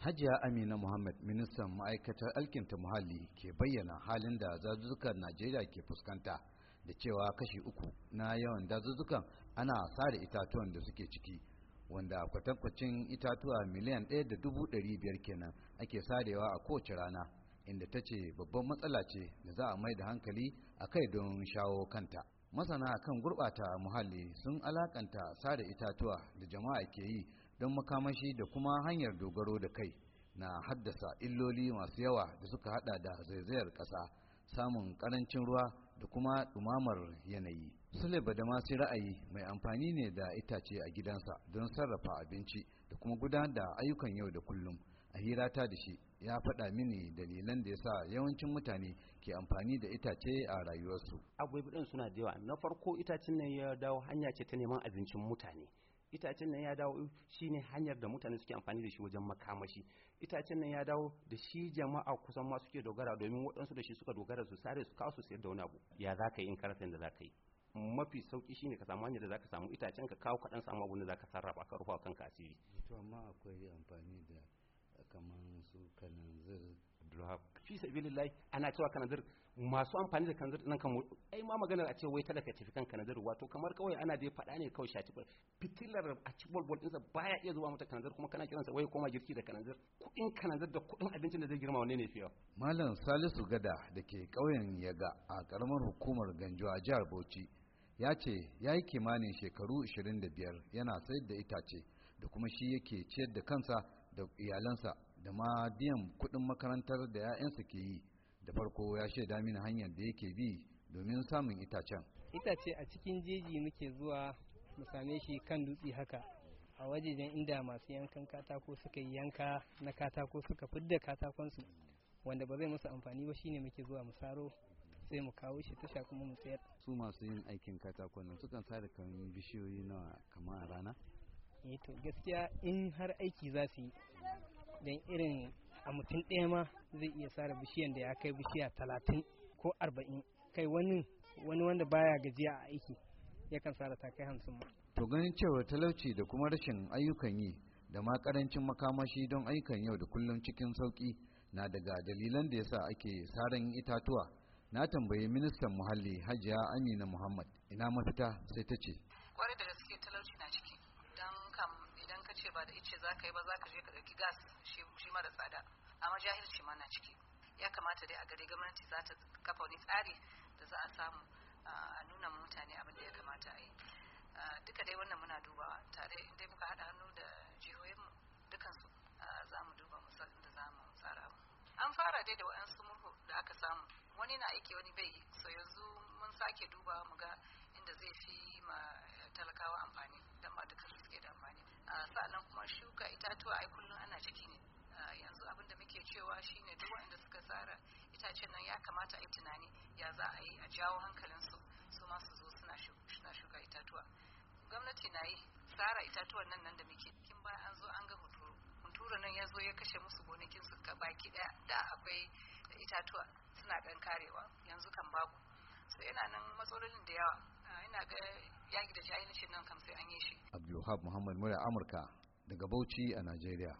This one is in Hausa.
Hajiya Amina Muhammad ministan ma'aikatar alkinta muhalli ke bayyana halin da zazuzukan Najeriya ke fuskanta da cewa kashi uku na yawan dazuzzukan ana sare itatuwan da suke ciki wanda kwatankwacin itatuwa miliyan ɗaya da dubu ɗari biyar kenan ake sarewa a kowace rana inda ta ce babban matsala ce da za a mai da hankali a kai don shawo kanta masana kan gurɓata muhalli sun alakanta sare itatuwa da jama'a ke yi don makamashi da kuma hanyar dogaro da kai na haddasa illoli masu yawa da suka hada da zaizayar ƙasa samun ƙarancin ruwa da kuma dumamar yanayi sule masu ra'ayi mai amfani ne da itace a gidansa don sarrafa abinci da kuma gudanar da ayyukan yau da kullum a hirata da shi ya faɗa mini dalilan da ya sa yawancin mutane ke amfani da itace a rayuwarsu abubuwan suna da yawa na farko itacen nan ya dawo hanya ce ta neman abincin mutane itacen nan ya dawo ne hanyar da mutane suke amfani da shi wajen makamashi itacen nan ya dawo da shi jama'a kusan ma suke dogara domin waɗansu da shi suka dogara su sare su kawo su sayar da wani abu ya za ka yi in karatun da za ka yi mafi sauki shine ka samu hanyar da za ka samu itacen ka kawo kaɗan samu abu da ka sarrafa ka rufa kanka asiri to amma akwai amfani da kamar su fi sabilillahi ana cewa kanazir masu amfani da kanazir nan kan ai ma maganar a ce wai talaka tafi kan kanazir wato kamar kawai ana dai faɗa ne kawai shati fitilar a ci bol ɗinsa baya iya zuwa mata kanazir kuma kana kiransa wai koma girki da kanazir kuɗin kanazir da kuɗin abincin da zai girma wanne ne fiye malam salisu gada da ke ƙauyen yaga a ƙaramar hukumar ganjo a jihar bauchi ya ce ya yi kimanin shekaru 25 yana sayar da itace da kuma shi yake ciyar da kansa da iyalansa da ma biyan kudin makarantar da 'ya'yansa ke yi da farko ya shaida mini hanyar da yake bi domin samun itacen itace a cikin jeji muke zuwa mu same shi kan dutse haka a wajejen inda masu yankan katako suka yi yanka na katako suka fidda katakonsu wanda ba zai musu amfani ba shine muke zuwa mu saro sai mu kawo shi tasha kuma mu tsayar su masu yin aikin katakon nan sukan sare kan bishiyoyi nawa kamar rana eh to gaskiya in har aiki za su yi don irin a mutum ɗaya ma zai iya sare bishiyan da ya kai bishiya talatin ko arba'in kai wani wani wanda baya gajiya a aiki yakan sare ta kai hamsin ma. to ganin cewa talauci da kuma rashin ayyukan yi da ma karancin makamashi don ayyukan yau da kullum cikin sauki na daga dalilan da yasa ake saran itatuwa na tambayi ministan muhalli hajiya amina muhammad ina mafita sai ta ce kwarai da za ka yi ba za ka je ka ɗauki gas shi da tsada amma jahilci ma na ciki ya kamata dai a gari gwamnati za ta kafa wani tsari da za a samu a nuna mutane abin da ya kamata a yi duka dai wannan muna duba tare inda muka haɗa hannu da jihohinmu dukansu za mu duba mu da za mu tsara an fara dai da waɗansu murhu da aka samu wani na aiki wani bai yi so yanzu mun sake duba mu ga inda zai fi ma eh, talakawa sa'annan kuma shuka itatuwa ai kullum ana ne yanzu abin da muke cewa shine duk wanda suka tsara itacen nan ya kamata a yi tunani ya za a yi a jawo hankalin su su ma su zo suna shuka itatuwa gwamnati na yi tsara itatuwan nan nan da muke kin ba an zo an ga hunturu hunturu nan ya zo ya kashe musu gonakin su ka baki daya da akwai itatuwa suna dan karewa yanzu kan babu so yana nan matsalolin da yawa ina ga yaki da jahilcin nan kam sai an yi shi abdulwahab muhammad mura amurka daga bauchi a najeriya